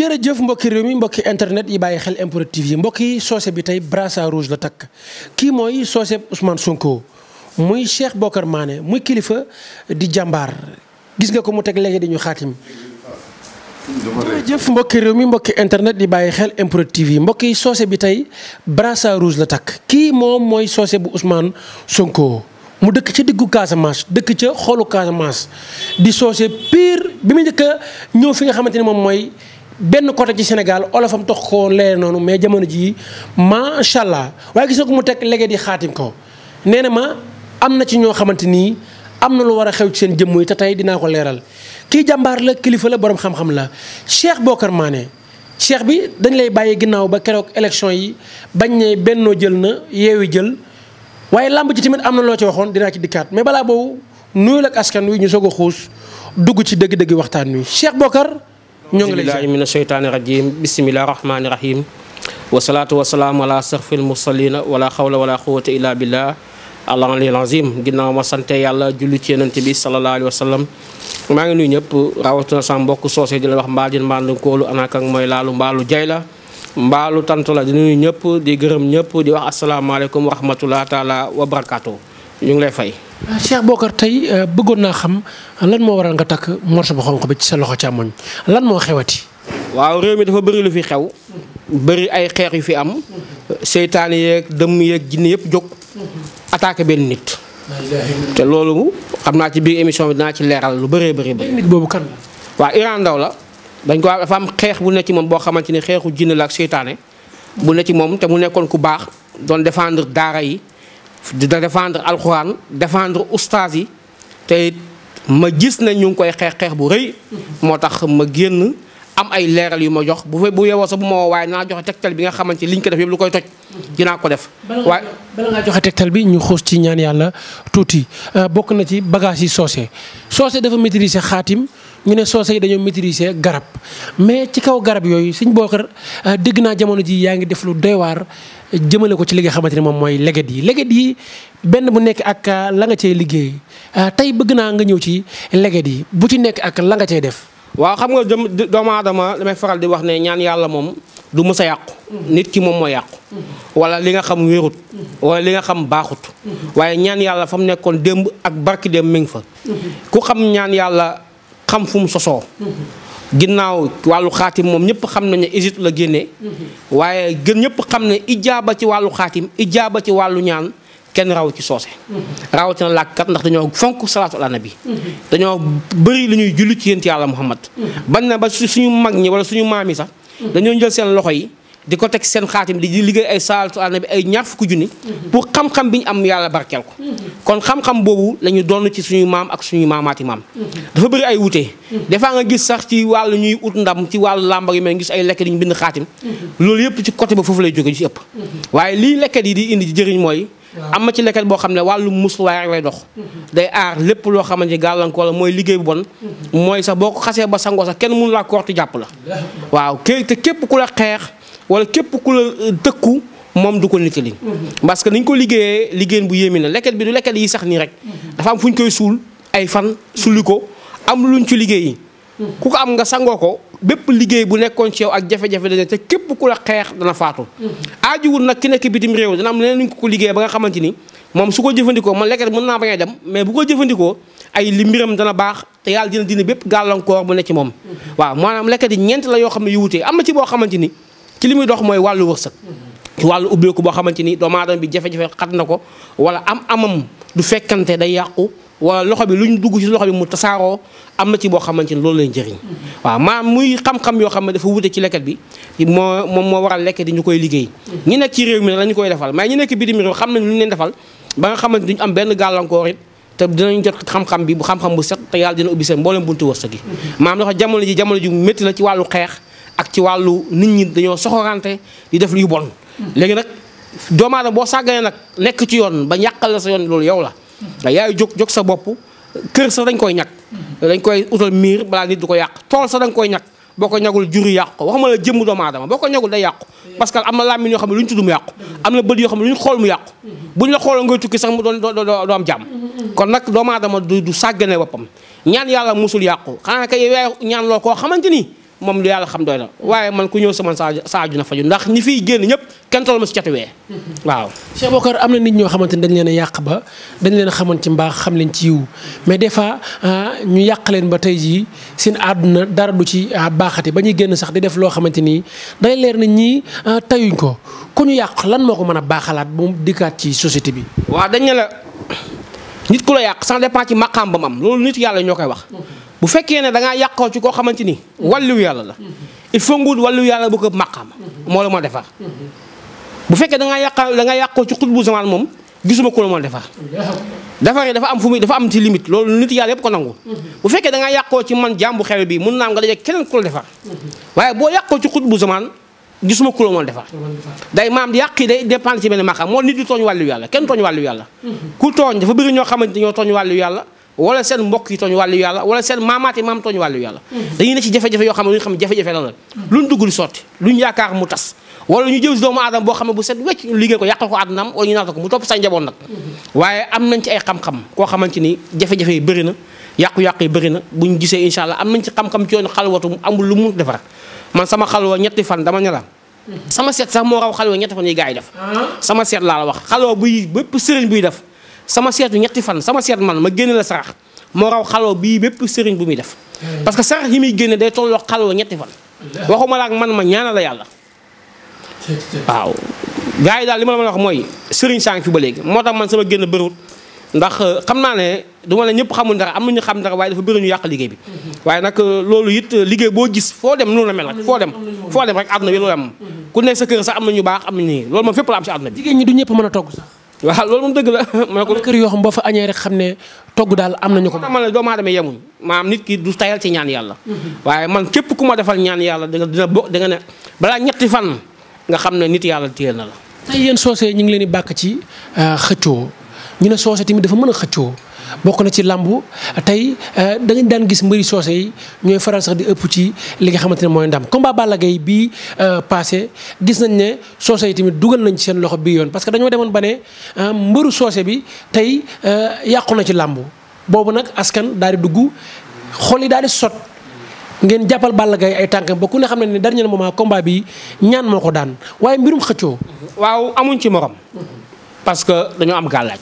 jërëjëf mbokki réew mi mbokki internet yi bàyyi xel MPROD TV yi mbokki soose bi tey brassard rouge la takk kii mooy soose Ousmane Sonko muy Cheikh Bokar Mané muy kilifa di jàmbaar gis nga ko mu teg léegi di xaatim jërëjëf mbokki mi mbokki internet di bàyyi xel MPROD TV yi mbokki bi tey brassard rouge takk kii moom mooy soose bu Ousmane Sonko mu dëkk ca diggu Casamance dëkk ca xoolu Casamance di soose pire bi mu njëkk a ñëw fi nga xamante ni moom mooy benn côté ci Sénégal olofam tax koo lee noonu mais jamono jii macha allah waaye gis nga ko mu teg léegi yi xaatim ko nee na ma am na ci ñoo xamante nii am na lu war a xew ci seen jëmm yi te tey dinaa ko leeral kii jàmbaar la kilifa la borom xam-xam la Cheikh Bokar Mané Cheikh bi dañ lay bàyyi ginnaaw ba keroog élection yi bañ ne bennoo jël na yeewi jël waaye làmb ji tamit am na loo ci waxoon dinaa ci dikkaat mais balaa boobu nuyul ak askan wi ñu soog a xuus dugg ci dëgg-dëgg waxtaan wi Cheikh Bokar. ñoo ngi lay mina sheytaani rajim bisimilah rahmaani rahim wasalaatu wasalaam ala sarfil mursalina wala xawla wala quwata illa billah allah alil azim ginnaaw ma sante yàlla julli ci yonent bi sallallahu alayhi wa maa ngi nuyu ñëpp rawatina sa mbokk soose di la wax mbaajin mbaalu kóolu anakak mooy laalu mbaalu jay la mbaalu tantu la di nuyu ñëpp di gërëm ñëpp di wax asalaamaaleykum wa rahmatullah taala wa ñu ngi lay fay Euh, Cheikh Bokar tey euh, bëggoon naa xam lan moo waral nga takk morso bu xonq bi ci sa loxo càmmoñ lan moo xewati waaw réew mi dafa bari lu fi xew bari ay xeex yu fi am seytaane yeeg dëmm yeeg jinne yëpp jóg attaqué benn nit te loolu xam naa ci biir émission bi dinaa ci leeral lu bëree bari bëri nit boobu kan waaw Iran Ndaw la dañ ko am dafa am xeex bu nekk ci moom boo xamante ni xeexu jinne la ak seytaane bu nekk ci moom te mu nekkoon ku baax doon défendre daara yi dina défendre alxuraan défendre ustaas yi te ma gis ne ñu ngi koy xeex xeex bu rëy moo tax ma génn am ay leeral yu ma jox bu fe bu yeewoo sax bu ma woo waaye naa joxe tegtal bi nga xamante liñ ko def yëpp lu koy toj dinaa ko def waaye bala ngaa joxe tegtal bi ñu xuus ci ñaan yàlla tuuti euh, bokk na ci bagage yi soose soose dafa maîtriser xaatim ñu ne soose yi dañoo maîtriser garab mais ci kaw garab yooyu Sëñ Bookar euh, dégg naa jamono ji yaa ngi def lu doy waar jëmale ko ci li nga xamante ne moom mooy leget yi leget yi benn bu nekk ak euh, la nga cee liggéey euh, tey bëgg naa nga ñëw ci leget yi bu ci nekk ak la nga cee def. waaw xam nga doomu aadama damay faral di wax ne ñaan yàlla moom du mës a yàqu. Mm-hmm. nit ki moom moo yàqu. Mm-hmm. wala li nga xam wéerut mm-hmm. wala li nga xam baaxut. waaye ñaan yàlla fa mu nekkoon démb ak barki démb mi ngi fa. xam fu mu sosoo ginnaaw wàllu xaatim moom ñëpp xam nañu ne Égypte la génne waaye gën ñëpp xam ne ijaaba ci wàllu xaatim ijaaba ci wàllu ñaan kenn raw ci soose rawatina làkkat ndax dañoo fonk salaatu ala nabi dañoo bëri lu ñuy julli ci yént yàlla muhammad bañ na ba suñu mag ñi wala suñu maam yi sax dañoo jël seen loxo yi di ko teg seen xaatim di liggéey ay salaatu ala nabi ay ñaar fukki junni pour xam-xam bi ñu am yàlla barkeel ko kon xam-xam boobu la ñu doon ci suñu maam ak suñu maamaati maam dafa bëri ay wute defaa nga gis sax ci wàllu ñuy ut ndam ci wàllu làmbar yu ngi gis ay lekket yi ñu bind xaatim loolu yëpp ci côté ba foofu lay jóge ci ëpp waaye lii lekket yi di indi ci jëriñ mooy am na ci lekket boo xam ne wàllu musluwaay rek lay dox day aar lépp loo xamante gàllankoor la mooy liggéey bu mooy sax boo xasee ba sangoo sax kenn mënu laa koortu jàpp la wala képp ku la euh, tëkku moom du ko nettali mhm. parce que niñ ko liggéeyee liggéey bu yéeme na leket bi du lekket yi sax nii rek mhm. dafa am fu ñu koy suul ay fan sulli ko am luñ ci liggéey mhm. ku ko am nga sangoo ko bépp liggéey bu nekkoon ci yow ak jafe-jafe dana te képp ku la xeex dana faatu aajuwul nag ki nekk bitim réew dana am leneen luñ ko ko liggéey ba nga xamante ni moom su ko jëfandikoo man lekket mën naa bañ a dem mais bu ko jëfandikoo ay li mbiram dana baax te yàlla dina dina bépp gàllankoor bu ci moom waaw maanaam lekket yi ñeent la yoo xam ne yu wutee am na boo xamante ni ci li muy dox mooy wàllu wërsëg wàllu ubbeeku boo xamante ni doomu aadama bi jafe-jafe xat na ko wala am amam du fekkante day yàqu wala loxo bi lu ñu dugg ci loxo bi mu tasaaroo am na ci boo xamante ni loolu lay njëriñ mm-hmm. waaw maanaam muy xam-xam yoo xam ne dafa wute ci lekket bi moo moom moo waral lekket di ñu koy liggéey mm-hmm. ñu nekk ci réew mi la ñu koy defal mais ñu nekk bitim réew xam nañ lu ñu leen defal ba nga xamante duñu am benn gàllankoor te dinañ jot xam-xam bi bu xam-xam bu set te yàlla dina ubbi seen mboolem buntu wërsëg gi mm-hmm. maanaam loxo jamono ji jamono ji métti la ci wàllu xeex ak ci wàllu nit ñi dañoo soxorante di def luy bon léegi nag doomu aadama boo sàgganee nag nekk ci yoon ba ñàqal la sa yoon loolu yow la nga yaay jóg jóg sa bopp kër sax dañ koy ñag dañ koy utal miir balaa nit du ko yàq tool sax dañ koy ñag boo ko ñagul juru yàq ko waxuma la jëmm doomu aadama boo ko ñagul day yàqu parce que am na làmmiñ yoo xam ne lu ñu tudd mu yàqu am na bët yoo xam ne lu ñu xool mu yàqu bu ñu la xooloo ngay tukki sax mu doon doo am jàmm kon nag doomu aadama du sàggane boppam ñaan yàlla musul yàqu xanaa moom lu yàlla xam doy na waaye man ku ñëw sama saaju saaju na faju ndax ñi fiy génn ñëpp kenn toll ma si catuwee waaw Cheikh Bokar am na nit ñoo xamante ne dañ leen yàq ba dañ leen a ci mbaax xam leen ci yiw mais des fois ah, ñu yàq leen ba tey jii seen àdduna dara du ci ah, baaxati ba ñuy génn sax di def loo xamante nii day leer na ñii ah, tayuñ ko ku ñu yàq lan moo ko mën a baaxalaat bu mu dikkaat ci société bi waaw dañ ne la nit ku la yàq sans dépend ci maqaam ba mu am loolu nit yàlla ñoo koy wax bu fekkee ne dangaa yàqoo ci koo xamante ni wàllu yàlla la il faut nguur wàllu yàlla bu ko màqaama moo la ma defar bu fekkee da ngaa yàqa da nga yàqoo ci xutbu zaman moom gisuma ko la ma defar defaree dafa am fu muy dafa am ci limite loolu nit yàlla yëpp ko nangu bu fekkee da ngaa yàqoo ci man jàmbu xel bi mun naa am keneen ku defar waaye boo yàqoo ci xutbu zaman gisuma ku la mën defar day maam yàq yi day dépendre ci benn maqaam moo nit di tooñ wàllu yàlla kenn tooñ wàllu yàlla ku tooñ dafa ñoo xamante ñoo tooñ wàllu yàlla wala seen mbokk yi tooñ wàllu yàlla wala seen maamaat yi maam tooñ wàllu yàlla dañuy ne ci jafe-jafe yoo xam ne lu ñu xam jafe-jafe tas wala ñu jëw si boo xam ne bu set wecc liggéey ko yàqal ko àddunaam wala am nañ ay xam-xam koo xamante ni jafe-jafe bëri na yàqu-yàqu yi bëri na buñ gisee incha allah am nañ ci xam-xam ci yoon xalwatu amul lu mu defar man sama xalwa ñetti fan dama ñala sama seet sax moo raw xalwa ñetti fan yi gars yi def ah. laa wax xalwa buy bépp sëriñ buy def sama seetu ñetti fan sama seet man ma génne la sarax moo raw xaloo bii bépp sëriñ bu muy def parce que sarax yi muy génne day tolloo xaloo ñetti fan waxuma la ak man ma ñaana la yàlla waaw gars yi daal li ma la mën a wax mooy sëriñ sang fi ba léegi moo tax man sama génn bëriwut ndax euh, xam naa ne du ma ne ñëpp xamul dara am na ñu xam dara waaye dafa bëri ñu yàq liggéey bi waaye nag euh, loolu it euh, liggéey boo gis foo dem noonu la mel rek foo dem foo dem rek àdduna bi loolu am ku nekk na baax am na ñu loolu moom fépp la ñi du ñëpp mën a togg sax waaw loolu moom dëgg la mooy ko kër yoo xam boo fa añee rek xam ne togg daal am nañu ko ma la doomu aadama yemuñ maanaam nit kii du tayal ci ñaan yàlla mm-hmm. waaye man képp ku ma defal ñaan yàlla danga dina bo da nga ne balaa ñetti fan nga xam ne nit yàlla téye na la tey yéen soose ñu ngi leen di bàkk ci euh, xëccoo ñu ne soose tamit dafa mën a xëccoo bokk na ci làmb tey euh, da ngeen daan gis mbëri soose yi ñooy faral sax di ëpp ci li nga xamante ne mooy ndam combat Balla Gaye bii euh, passé gis nañ ne soose yi tamit dugal nañ ci seen loxo bii yoon parce que dañoo demoon ba ne euh, soose bi tey yàqu na ci làmb boobu nag askan daal di dugg xol yi daal di sot ngeen jàppal Balla Gaye ay tànkam ba ku ne xam ne ne dernier moment combat bi ñaan moo ko daan waaye mbirum xëccoo. waaw amuñ ci morom. parce que dañoo am gàllaaj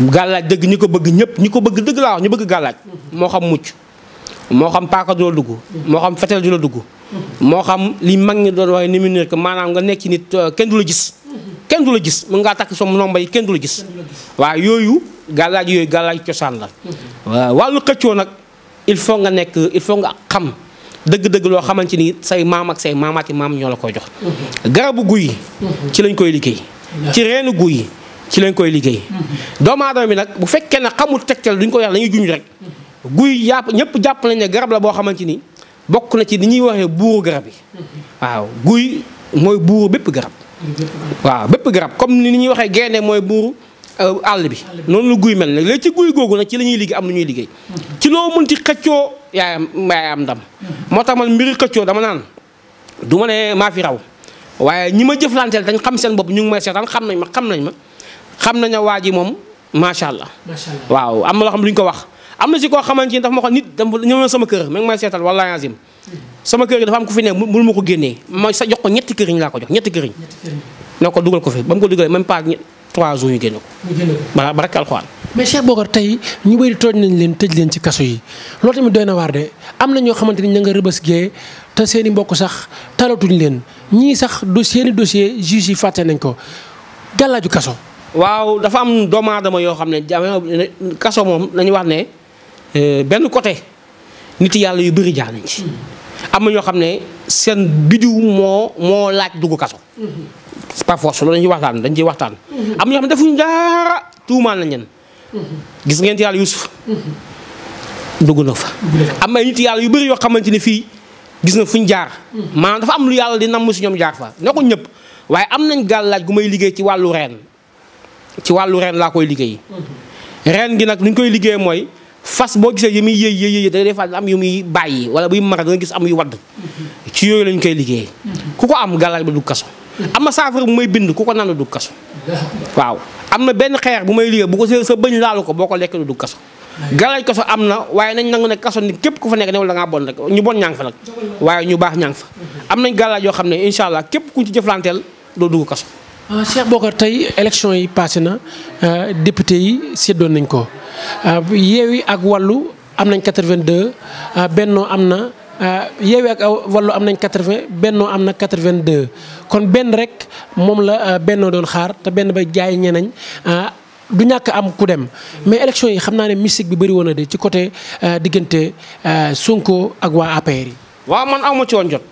gàllaaj dëgg ñi ko bëgg ñëpp ñi ko bëgg dëgg laa wax ñu bëgg gàllaaj moo xam mucc moo xam paaka du la dugg moo xam fetel du la dugg moo xam li mag ñi doon waxee ni mu nekk maanaam nga nekk nit euh, kenn du la gis kenn du la gis mën ngaa takk som nomba yi kenn du la gis waa yooyu gàllaaj yooyu gàllaaj cosaan la wàllu xëccoo nag il faut nga nekk il faut nga xam dëgg-dëgg loo xamante ni say maam ak say maamaati maam ñoo la koy jox garabu guy ci lañ koy liggéey ci reenu ci lañ koy liggéey. doomu aadama bi nag bu fekkee ne xamul tegtal duñ ko wax dañuy junj rek. guy yàpp ñëpp jàpp nañ ne garab la boo xamante ni bokk na ci ni ñuy waxee buuru garab yi. waaw guy mooy buuru bépp garab. waaw bépp garab comme ni ñuy waxee gaynde mooy buuru euh, àll bi. noonu la guy mel ne léegi ci guy googu nag ci lañuy liggéey am na ñuy liggéey. ci loo mënti xëccoo yaayam yaayam ndam. moo tax man mbiri xëccoo dama naan du ma ne maa fi raw waaye ñi ma jëflanteel dañ xam seen bopp ñu ngi may seetaan xam nañ ma xam nañ ma. xam nañu waa ji moom macha allah. waaw am na loo xam ne ko wax. am na si koo xamante ni dafa ma ko nit dafa ñëw sama kër mi ngi may seetal wallaahi azim sama kër gi dafa am ku fi ne mënu ma ko génnee ma sa ko ñetti këriñ laa ko jox ñetti këriñ. ne ko dugal ko fi ba mu ko dugalee même pas trois jours ñu génn ko. balaa ba rek alxuraan. mais Cheikh Bokar tey ñu bëri tooj nañ leen tëj leen ci kaso yi loolu tamit doy na waar de am na ñoo xamante ni ña nga rëbës gee te seen i mbokk sax talatuñ leen ñii sax do seen i yi fàtte nañ ko gàllaaju kaso waaw dafa am doomu aadama yoo xam ne jamono kaso moom lañu wax ne euh, benn côté nit yàlla yu bëri jaar nañ ci. am na ñoo xam ne seen bidiw moo moo laaj dugg kaso. Mhm. par force loolu dañ ciy waxtaan dañ ciy waxtaan. Mhm. am na ñoo xam ne defuñu dara nañ leen. Mhm. gis ngeen ci yàlla Yusuf. na fa. am ay nit yàlla yu bari yoo xamante ne fii gis na fuñ jaar. maanaam dafa am lu yàlla di namm si ñoom jaar fa ne ñëpp waaye am nañ gàllaaj gu may liggéey ci wàllu reen. ci wàllu ren laa koy liggéey ren gi nag lu koy liggéey mooy fas boo gisee yi muy yëy yëy yëy da ngay defaat am yu muy bàyyi wala buy mar da nga gis am yu wadd ci yooyu lañ koy liggéey ku ko am gàllal ba du kaso am na saafara bu may bind ku ko naan du kaso waaw am na benn xeer bu may liggéey bu ko see sa bëñ laalu ko boo ko lekk du kaso galaj kaso am na waaye nañ nangu ne kaso ni képp ku fa nekk newul da ngaa bon rek ñu bon ñaa ngi fa nag waaye ñu baax ñaa fa am nañ gàllaaj yoo xam ne incha allah képp ku ci jëflanteel doo dugg kaso Euh, Cheikh Bokar tey élection yi passé na euh, député yi séddoon nañ ko euh, Yewwi ak Wallu am nañ 82 Benno am na Yewwi ak am nañ 80 Benno am na 82 kon benn rek moom la Benno doon xaar te benn ba jaay ñeneñ du ñàkk am ku dem mais élection yi xam naa ne mystique bi bëri woon na de ci côté diggante Sonko ak waa APR yi. waaw man amu ci woon jot.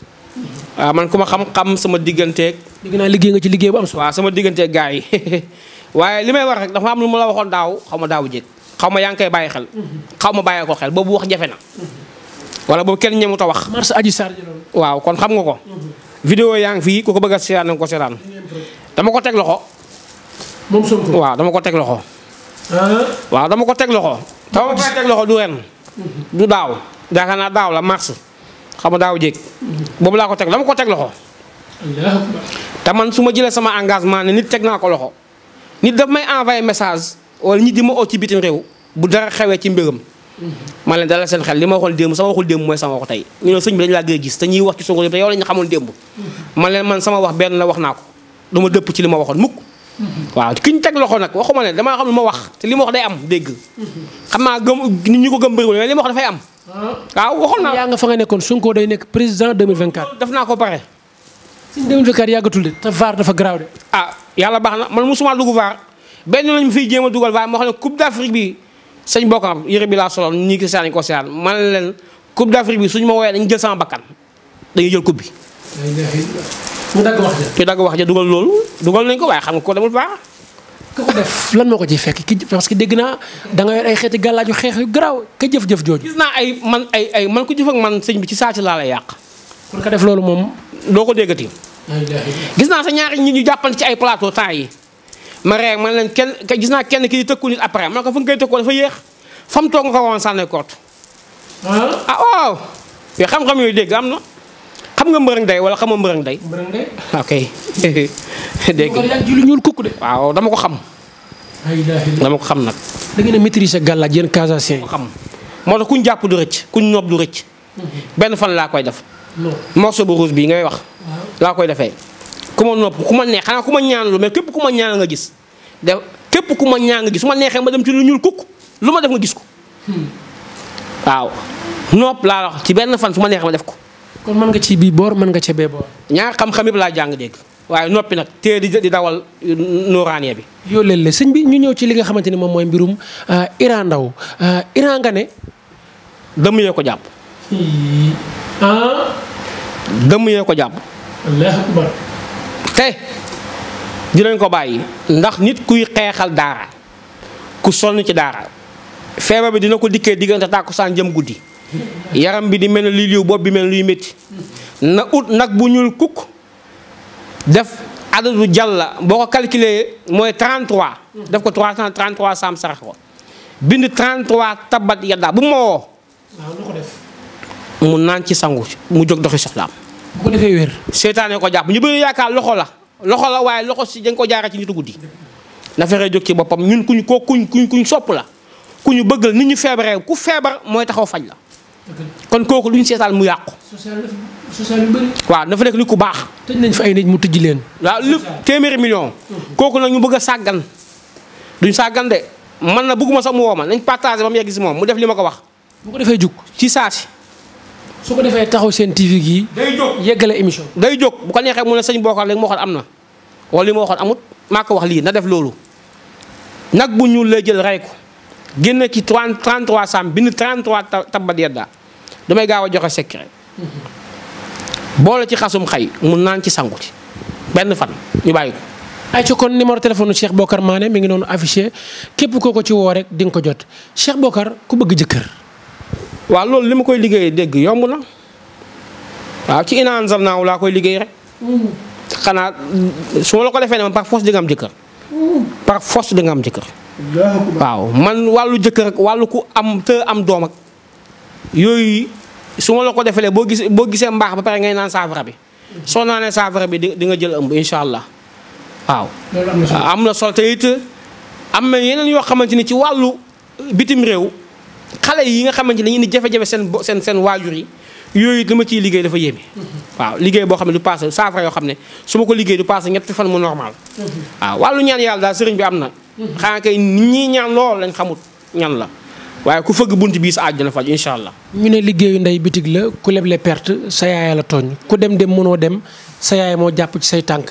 waaw ah, man ku ma xam-xam sama digganteeg. dégg naa liggéey nga ci liggéey bu am solo. waaw sama digganteeg gars yi waaye li may wax rek dafa am lu ma la waxoon daaw xaw ma daaw jéeg xaw ma yaa ngi koy bàyyi xel. Mhm. xaw ma bàyyi ko xel boobu wax jafe na. Mhm. wala boobu kenn ñemut a wax. mars aji sar waaw kon xam nga ko. Mhm. vidéo yaa ngi fii ku ko a seetaan nga ko seetaan. dama ko teg loxo. moom waaw dama ko teg loxo. Ah. waaw dama ko teg loxo. dama du ren. du daaw yaakaar naa daaw la mars. xam nga daaw jéeg boobu laa ko teg dama ko teg loxo. te man su ma jëlee sama engagement ne nit teg naa ko loxo nit daf may envoyé message wala nit di ma oo ci bitim réew bu dara xewee ci mbiram. man leen dalal seen xel li ma waxoon démb sama waxul démb mooy sama waxu tey ñu ne sëñ laa gën a gis te ñuy wax ci Sonko te yow la ñu xamoon démb. man leen man sama wax benn la wax naa ko du ma dëpp ci li ma waxoon mukk. waaw ki ñu teg loxo nag waxuma leen damaa xam lu ma wax te li ma wax day am dégg. xam naa gëm nit ñi ko gëm bëriwul mais li ma wax dafay am. waaw ah. ah, waxoon naa. yaa nga fa nga nekkoon Sonko day nekk président 2024. def naa ko pare. si 2024 yàggatul de. te VAR dafa garaaw de. ah yàlla baax na man mosuma dugg VAR benn lañ fi jéem a dugal VAR moo xam ne Coupe d'Afrique bi sëñ bokkam yëre bi laa soloon nii ki saan ko saan man leen Coupe d'Afrique bi suñu ma woowee dañu jël sama bakkan dañuy jël coupe bi. ñu dagg wax ja ñu dagg dugal loolu dugal nañ ko waaye xam nga ko demul baax. ku ko def lan moo ko ciy fekk ki parce que dégg naa da nga ay xeeti gàllaaju xeex yu garaaw ka jëf-jëf jooju. gis naa ay man ay ay man ko jëf ak man sëñ bi ci saa si laa lay yàq. pour ko def loolu moom doo ko déggati. gis naa sa ñaari nit ñu jàppante ci ay plateau temps yi. ma reer man leen kenn gis naa kenn ki di tëkku nit après man ko fa nga koy tëkkoo dafa yéex fa toog nga ko woon sànni koot. Ah. ah waaw. yoo xam-xam yooyu dégg am na. xam nga mbërëng dey wala xamoo mbërëng day. mbërëng day ok. dégg dama ko xam. dama ko xam nag. da ngeen a maîtriser gàllaaj yéen Casacien xam moo tax kuñ jàpp du rëcc kuñ noob du rëcc. Mhm. benn fan laa koy def. morceau bu bii ngay wax. laa koy defee. ku ma nopp ku ma neex xanaa ku ma ñaanlu mais képp ku ma ñaan nga gis de képp ku ma ñaan nga gis su ma neexee ma dem ci lu ñuul kukk lu ma def nga gis ko. Hmm. waaw nopp laa wax ci benn fan su ma neexee ma def ko. kon mën nga ci bii boor mën nga ca bee boor. ñaar xam-xam yëpp laa jàng dégg waaye noppi nag tee di di dawal euh, nooraanee bi. yoo leen la sëñ bi ñu ñëw ci li nga xamante ni moom mooy mbirum euh, Iran Ndao euh, Iran nga ne. dëmm yee ko jàpp. ah. ko jàpp. te dinañ ko bàyyi ndax nit kuy xeexal daara ku sonn ci daara feebar bi dina ko dikkee diggante saan jëm guddi. yaram bi di mel na lii liw bopp bi mel ne luy métti na ut nag bu ñuul kukk def adadu jàlla boo ko calculé mooy 33 def ko 333 saam sarax ko bind 33 tabat yaddaa bu ma woo mu naan ci sangu mu jóg doxi soxlaam bu ko defee wér ko jàpp ñu bëri yaakaar loxo la loxo la waaye loxo si dañ ko jaara ci nitu guddi na fexee jóg ci boppam ñun kuñ ko kuñ kuñ kuñ sopp la ku ñu bëggal nit ñu feebaree ku feebar mooy taxaw faj la kon kooku lu ñu seetaan mu yàqu. social yu bëri. waaw dafa nekk nit ku baax. tëj nañ fa ay nit mu tëj leen. waaw lu téeméeri million. kooku nag ñu bëgg a sàggan duñ sàggan de man na bëgguma sax mu woo ma nañ partagé ba mu yegg si moom mu def li ma ko wax. bu ko defee jug ci saa si. su ko defee taxaw seen TV gii. day jóg yeggale émission day jóg bu ko neexee mu ne sëñ Bokar léegi moo waxoon am na wala li ma waxoon amut maa ko wax lii na def loolu nag bu ñuul lay jël rey ko. génn ci 30 33 saam bind 33 tabbat yadda damay gaaw a joxe secret boole ci xasum xay mun naan ci sangu ci benn fan ñu bàyyi ko. ay ci kon numéro téléphone Cheikh Bokar Mané mi ngi noonu affiché képp koo ko ci woo rek di nga ko jot Cheikh Bokar ku bëgg jëkkër. waaw loolu li ma koy liggéeyee dégg yomb na waaw ci inna anzalnaahu laa koy liggéey rek. Mm-hmm. xanaa su ma la ko defee ne man par force di nga am jëkkër. Mm-hmm. par force di nga am jëkkër. waaw man wàllu jëkkër wàllu ku am te am doom ak yooyu su ma la ko defee boo gisee boo gisee mbaax ba pare ngay naan saafara bi soo naanee saafara bi di nga jël ëmb incha allah waaw. am na solo te it am na yeneen yoo xamante ni ci wàllu bitim réew xale yi nga xamante ni dañuy indi jafe-jafe seen seen seen waajur yi yooyu it li ma ciy liggéey dafa yéeme. Mm-hmm. waaw liggéey boo xam ne du paase saafara yoo xam ne su ma ko liggéey du paase ñetti fan mu normal. Mm-hmm. waaw wàllu yàlla daal sëriñ bi am na. xanaa kay nit ñi ñaan lool lañ xamut ñan la waaye ku fëgg bunt bii sa àjjana faj incha ñu ne liggéeyu ndey bitig la ku leble perte sa yaaya la tooñ ku dem dem mënoo dem sa yaay moo jàpp ci say tànk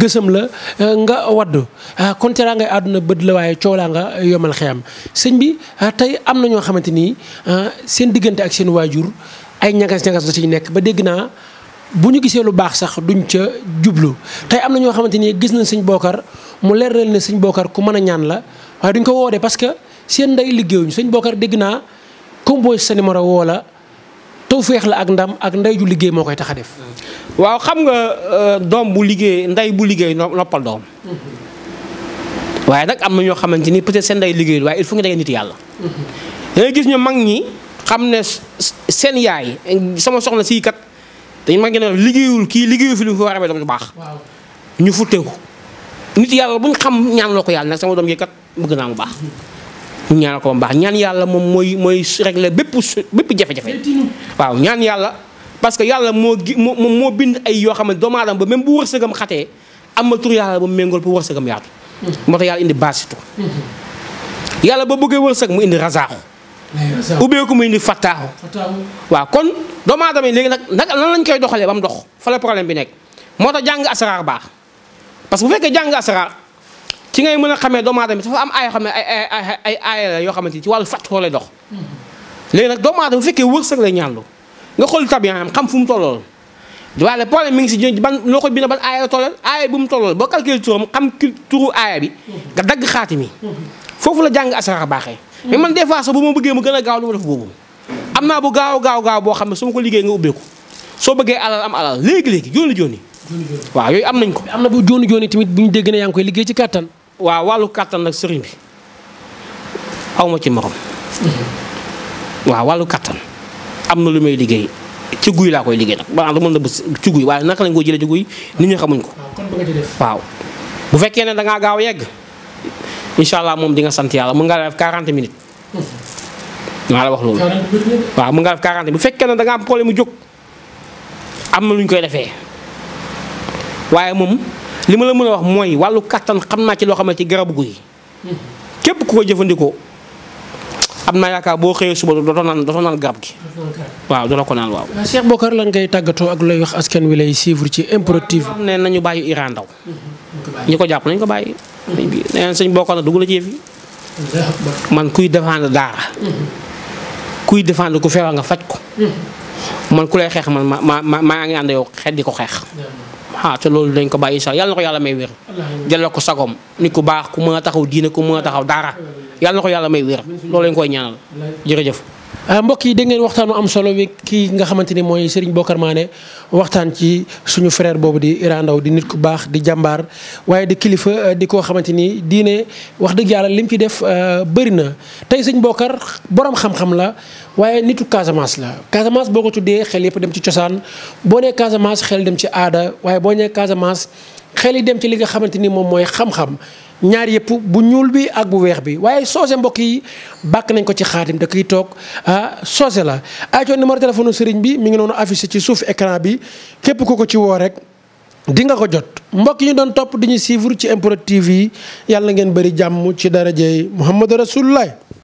gësëm la euh, nga wadd ah, kon teraa ngay àdduna bët la waaye coow laa nga yomal xeyam sëñ bi ah, tey am na ñoo xamante ni ah, seen diggante ak seen waajur ay ñagas ñagas da ciy nekk ba dégg naa. bu ñu gisee lu baax sax duñ ca jublu te am na ñoo xamante ni gis nañ sëñ Bocar mu leer leen ne sëñ ku mën a ñaan la waaye duñ ko woodee parce que seen ndey liggéeyuñ sëñ Bocar dégg naa ko sa numéro woo la tawféex la ak ndam ak ndey ju liggéey moo koy tax a def. waaw xam nga euh, doom bu liggéey ndey bu liggéey noppal doom waaye nag am na ñoo xamante ni peut-être seen ndey liggéeyul waaye il faut nga dégg nit yàlla. Mm-hmm. da gis ñu mag ñi xam ne seen yaay sama soxna sii kat. dañ ma ne liggéeyul kii liggéeyu fi lu fi war a amee doom ju baax ñu futteeku nit yàlla buñ xam ñaan loo yàlla nag sama doom kat bëgg naa mu baax ñu ñaanal ko ñaan yàlla moom mooy mooy régler bépp bépp jafe waaw ñaan yàlla parce que yàlla moo gi moo moo bind ay yoo xam ne doomu aadama ba même bu wërsëgam xatee am na tur yàlla ba mu méngool pour wërsëgam yaatu hmm. moo tax yàlla indi baasitu hmm. yàlla ba bëggee wërsëg mu indi razaaxu ubbeeku muy ni fattaahu waaw kon doomu aadama yi léegi nag nag lan lañ koy doxalee ba mu dox fa la problème bi nekk moo tax jàng asaraar baax parce que bu fekkee jàng asaraar ci ngay mën a xamee doomu bi dafa am ay xam ne ay ay yoo xamante ni ci wàllu fàttoo lay mm-hmm. nag doomu bu fekkee wërsëg lay ñaanlu nga xool tabiyaam xam fu mu tollool waaye le mi ngi si jë ban loo ko bindee ban aaya bu mu tollool boo calculé turam xam turu aaya bi nga dagg xaati mi mm-hmm. foofu la jàng asaraar baaxe mais man des fois sax bu ma bëggee mu gën a gaaw lu ma def boobu am naa bu gaaw gaaw gaaw boo xam ne su ma ko liggéey nga ubbeeku soo bëggee alal am alal léegi-léegi jooni jooni waaw yooyu am nañ ko am na bu jooni jooni tamit bu ñu dégg ne yaa ngi ci kàttan waaw wàllu kàttan nag sëriñ bi ma ci morom mm-hmm. waaw wàllu kàttan am na lu may liggéey ci guy laa koy liggéey nag maanaam ma na bu ci guy waaye naka lañ ko jëlee ci guy nit ñi xamuñ ko ah, waaw bu fekkee ne dangaa gaaw yegg incha allah moom di nga sant yàlla mën ngaa def 40 minutes. maa la wax loolu. waaw mën ngaa def bu fekkee ne da nga am problème mu jóg am na lu ñu koy defee waaye moom li ma la mën a wax mooy wàllu kàttan xam naa ci loo xam ne ci garab guy. képp ku ko jëfandikoo am naa yaakaar boo xëyee suba dootoo naan dootoo naan garab gi. waaw dootoo ko naan waaw. Cheikh Bokar lan ngay tàggatoo ak looy wax askan wi lay suivre ci impératif. ne nañu bàyyi Iran daw. Mmh. ñi ko jàpp nañu ko bàyyi. sëñ bi nee na sëñ dugg la ci yëf man kuy défendre daara kuy défendre ku feebar nga faj ko man ku lay xeex man ma ma ma maa ngi ànd yow xet ko xeex ah te loolu dañ ko bàyyi incha yàlla na ko yàlla may wér jëlal ko sagom nit ku baax ku mën a taxaw diine ku ma taxaw daara yàlla na ko yàlla may wér loolu lañ koy ñaanal jërëjëf Euh, mbokk yi dégg ngeen waxtaanu am solo wi kii nga xamante ni mooy Serigne Bokar Mané waxtaan ci suñu frère boobu di Iran Ndao di nit ku baax di jàmbaar waaye di kilifa euh, di koo xamante ni diine wax dëgg yàlla lim ci def euh, bëri na. tey sëñ Bokar borom xam-xam la waaye nitu Casamance la Casamance boo ko tuddee xel yëpp dem ci cosaan boo nee Casamance xel dem ci aada waaye boo nee Casamance xel yi dem ci li nga xamante ni moom mooy xam-xam. ñaar yëpp bu ñuul bi ak bu weex bi waaye soose mbokk yi bàkk nañ ko ci xaatim da koy toog ah soose la aycoon numéro téléphone sëriñ bi mi ngi noonu affiché ci suuf ecran bi képp ku ko ci woo rek di nga ko jot mbokk yi ñu doon topp di ñu suivre ci MPROD yi yàlla ngeen bëri jàmm ci darajey Muhammadu Rasulullah